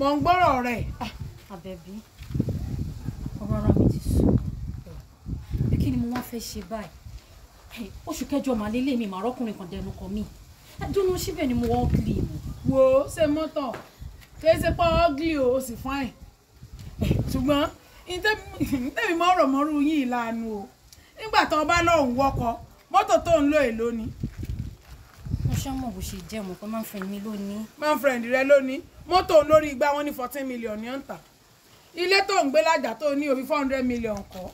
mọ̀ ń gbọ́rọ̀ rẹ̀. àbẹ̀bí ah, ọ̀rọ̀ ara mi ti sùn kí ni mo wá fẹ́ ṣe báyìí oṣù kẹjọ màá lé lèmi màá rọ́kùnrin kan dẹnu kọ mí dúnú síbẹ̀ ni mo wọ́n gílì mọ́. wo ṣe mọ́tàn kì ṣe pé ọ́ gílì o sì fáìn eh, ṣùgbọ́n ntẹ́mi mọ́ ọ̀rọ̀ mọ́rú yín ìlànà o nígbà tó o bá lọ́ọ̀ ń wọ́kọ mọ́tò tó ń lò èlò ni. mo ṣe mọ̀ bó ṣe jẹ́ mọ̀ pé máa ń fẹ́ mi lónìí. máa ń fẹ́ ìdí rẹ lónìí mọ́tò lórí igba wọn ní fourteen million ní ọ̀ǹtà ilé tó ń gbé lájà tó ní òbí four hundred million kọ́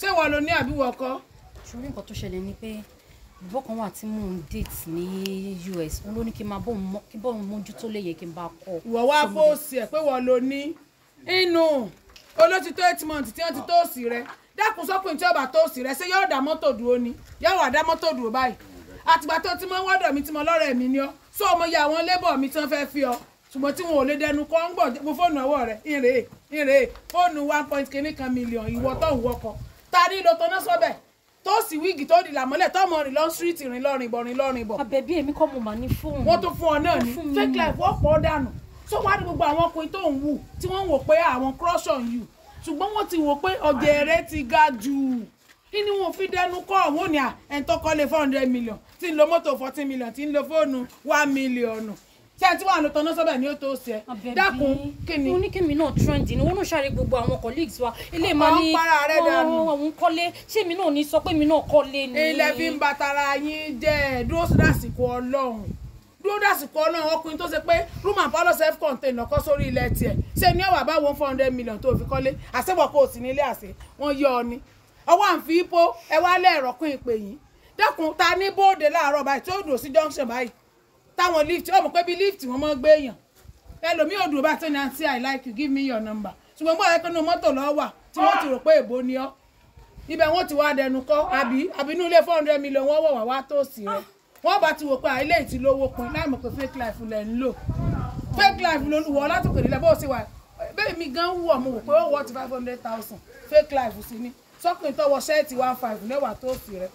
ṣé wọ́n lo ní àbíwọ̀ kọ́. ṣùgbọ́n nǹkan tó ṣẹlẹ̀ ni pé ìbọn kan wà tí mò ń date ní US ó ló ní kí n máa bóun mójútó lè yẹ kí n bá kọ. ìwọ wá fóòsì ẹ pé wọ́n lo ní inú olótìtó eight months tí wọ́n ti tóòsì rẹ dákun sọ́kùnrin tí ọba tóòsì rẹ ṣé yóò dá mọ́tò dúró ni yóò wà dá mọ́tò dúró báyìí àtìgbà tó ti mọ́ wọ́dọ̀ mi ti mọ́ lọ́rọ̀ ẹ̀mí ni ọ́ sọ ọmọ ya àwọn lébọ̀ mi tí wọ́n fẹ́ fi ọ́ ṣùgbọ́n tí wọn ò lè dẹnu kọ́ ń gbọ̀ mo fóònù ọwọ́ rẹ̀ ìrè ìrè fóònù one point kìíní kan mílíọ̀n ìwọ tó ń wọkọ̀ ta ní lo tọ́ná sọ́bẹ̀ tó sì wíìgì tó di làmọ́lẹ̀ tó mọ̀ rìn lọ síríìtì rìn lọ́rìn bọ̀ rìn lọ́rìn bọ̀. àbẹ̀bí èmi kọ́ mo mà ní fóònù. wọ́n tún fún ọ náà ní fake life wọ́n pọ̀ dànù tó wá ní gbogbo àwọn ọkùnrin tó ń wù tí wọ́n ń wò pé àwọn crush on you ṣùgbọ́n wọ́n ti wò pé ọ̀jẹ̀ rẹ ti ga jù nínú wọn fi dẹnu kọ́ ọ̀hún ni à ẹ̀ ń tọ́kọ́ lé four hundred million tí ń lo mọ́tò fourteen million tí ń lo fóònù one million ṣé àti wàá lọ́tọ̀ náà sọ́bẹ̀ ni ó tó ṣe dákun kíni. mo ní kíni náà trend ni wọn náà ṣàrí gbogbo àwọn colleagues wa ilé ma ní òun kọ́lé ṣé èmi náà ní sọ pé èmi náà kọ́lé ni. ilẹ̀ fi ń batara yín jẹ́ dúró dásìkò ọlọ́run dúró dásìkò ọlọ́run ọkùnrin tó ṣe pé room and self contained lọ́kọ́ sórí ilẹ̀ tiẹ̀ ṣé ní ọ̀wà bá one four hundred million tó fi kọ́lé àṣẹ́bọ̀ kó o sì nílé àṣẹ wọ́n yọ ọ ni ọwọ́ à ń fi ipò ẹ wá lẹ́ẹ̀rọ̀kùn ìpè yìí dákun ta ní bóde láàárọ̀ báyìí tí ó dùn sí junction báyìí táwọn lift ó mọ̀ pé bí lift wọ́n mọ́ gbé èèyàn ẹlòmíì ò dùn bá tó ní àǹtí i like you give me your number ṣùgbọ́n bọ́ọ̀ ẹ̀kọ́ ní mọ́tò lọ́ọ́ wà tí wọ́n ti rò pé èbó ni ọ́ ibẹ̀ wọ́n ti wá dẹnu kọ́ àbí àbí inú ilé four hundred million wọ́n wọ̀ wá wá tòsí rẹ̀ wọ́n bá ti wò pé àìlè ti lówó pin láì mọ̀ pé fake life lẹ̀ ń lò fake life ló wọ̀ látòkè nílẹ̀ bó ṣe wà bẹ́ẹ̀ mi gan wù ọ́ mo wò pé ó wọ́ ti five hundred thousand fake life sí ni sọ́kùnrin tọwọ́ ṣẹ́ẹ̀tì one five lẹ́wà tòsí rẹ̀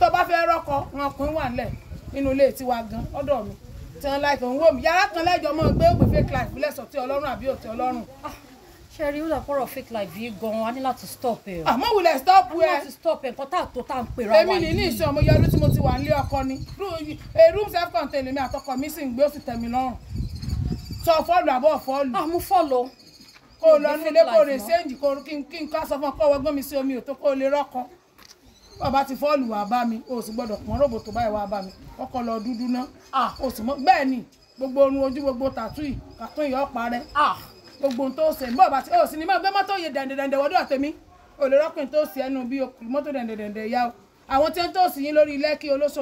tó bá fẹ́ rọ́kọ wọn pin wà nílẹ̀ nínú ilé tiwa gan lọ́dọ̀ mi tí wọ́n láìpẹ́ ń wò mí yàrá kan lẹ́jọ́ mọ́ gbé ògbé fake life bílẹ̀ sọ̀tí ọlọ́run àbí òtí ọlọ́run. Ah, ṣe rí wúlò àpọ̀rọ̀ fake life yìí gan-an a ní láti stop ẹ̀. àmọ́ wulẹ̀ stop ẹ̀. a ní láti stop ẹ̀ nǹkan tá a tó tá a ń pera wa yìí. èmi ní ní ìṣọ́ mo yọrí tí mo ti wà nílé ọkọ ni room self contained mi àtọkọ mi sì ń gbé ó sì tẹ̀mí lọ́rùn. sọ fọ́ọ̀lù àbọ̀ fọ́ọ̀lù. àmú ah, fọ́ọ̀lù kó o lọ nílé kó o rè séǹjì kó o kí n ká fún ọ bàbá ti fọ́ọ̀lù wá bá mi o sì gbọ́dọ̀ pọ́n ròbò tó báyìí wá bá mi ọkọ̀ lọ dúdú ná o sì mọ́ bẹ́ẹ̀ ni gbogbo orun ojú gbogbo tàtú yìí kàtó yìí ọ̀pá rẹ gbogbo ohun tó ń bọ̀ bá ti o sì ní máa gbé mọ́tò yẹ dẹ̀ndẹ̀dẹ̀ndẹ̀ wọ́dọ̀ tèmi olùrọ́pìn tó ṣe ẹnu bí mọ́tò dẹ̀ndẹ̀dẹ̀ndẹ̀ yá o àwọn tí wọ́n tó sì yín lórí ilé kí olóṣò